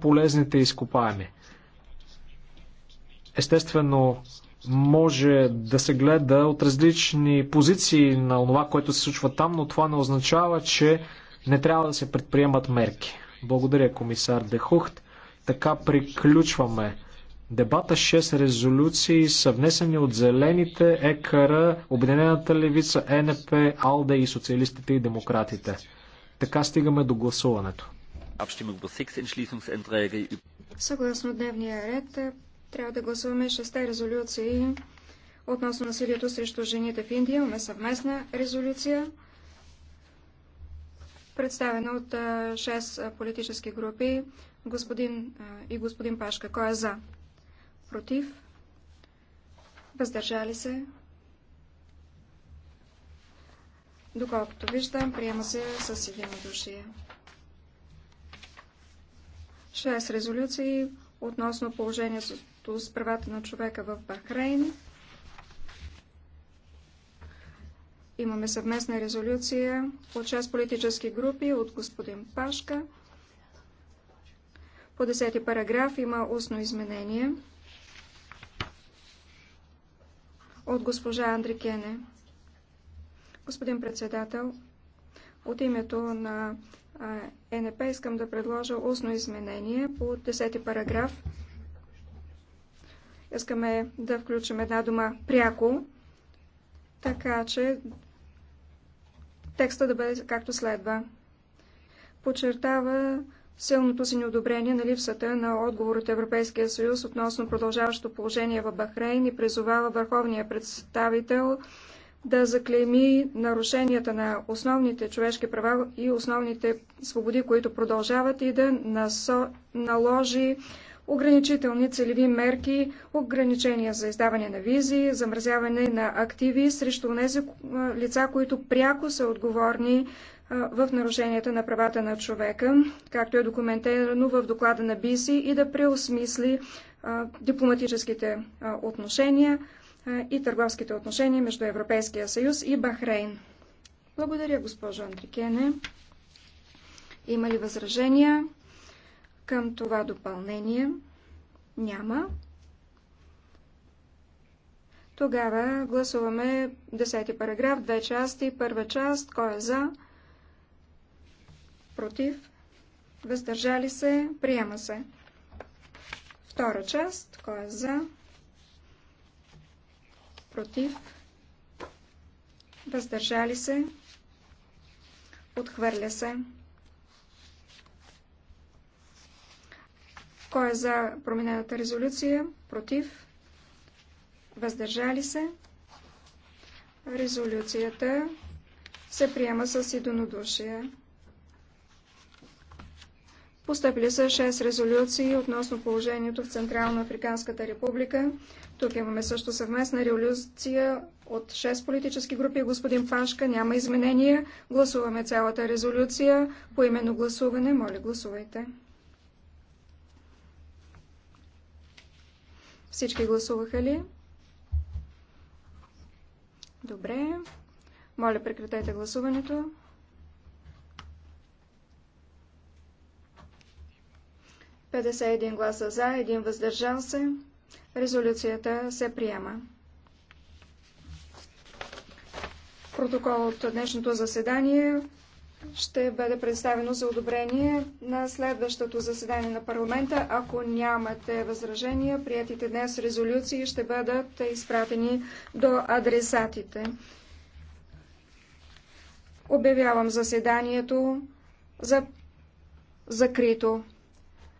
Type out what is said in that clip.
полезните изкопаеми. Естествено, може да се гледа от различни позиции на това, което се случва там, но това не означава, че не трябва да се предприемат мерки. Благодаря, комисар Дехухт. Така приключваме дебата. 6 резолюции са внесени от Зелените, ЕКР, Обединената левица, е НП, АЛДЕ и социалистите и демократите. Така стигаме до гласуването. Съгласно дневния ред, е, трябва да гласуваме шесте резолюции относно насилието срещу жените в Индия. Имаме съвместна резолюция, представена от е, шест е, политически групи. Господин и господин Пашка, кой е за? Против? Въздържали се? Доколкото виждам, приема се с единодушие. 6 резолюции относно положението с правата на човека в Бахрейн. Имаме съвместна резолюция от 6 политически групи от господин Пашка. По 10 параграф има устно изменение от госпожа Андри Кене. Господин председател, от името на ЕНП искам да предложа устно изменение по 10 параграф. Искаме да включим една дума пряко, така че текста да бъде както следва. Подчертава силното си неодобрение на липсата на отговор от Европейския съюз относно продължаващото положение в Бахрейн и призовава върховния представител да заклейми нарушенията на основните човешки права и основните свободи, които продължават и да насо... наложи ограничителни целеви мерки, ограничения за издаване на визи, замразяване на активи срещу тези лица, които пряко са отговорни в нарушенията на правата на човека, както е документирано в доклада на БИСИ и да преосмисли дипломатическите отношения, и търговските отношения между Европейския съюз и Бахрейн. Благодаря, госпожо Андрикене. Има ли възражения към това допълнение? Няма. Тогава гласуваме 10 параграф, две части, първа част, кой е за, против, въздържали се, приема се. Втора част, кой е за, против, въздържали се, отхвърля се. Кой е за променената резолюция? Против, въздържали се. Резолюцията се приема с единодушие. Постъпили са 6 резолюции относно положението в Централно Африканската република. Тук имаме също съвместна резолюция от 6 политически групи. Господин Пашка, няма изменения. Гласуваме цялата резолюция. По именно гласуване, моля гласувайте. Всички гласуваха ли? Добре. Моля, прекратете гласуването. 51 гласа за, 1 въздържал се. Резолюцията се приема. Протокол от днешното заседание ще бъде представено за одобрение на следващото заседание на парламента. Ако нямате възражения, приятите днес резолюции ще бъдат изпратени до адресатите. Обявявам заседанието за закрито.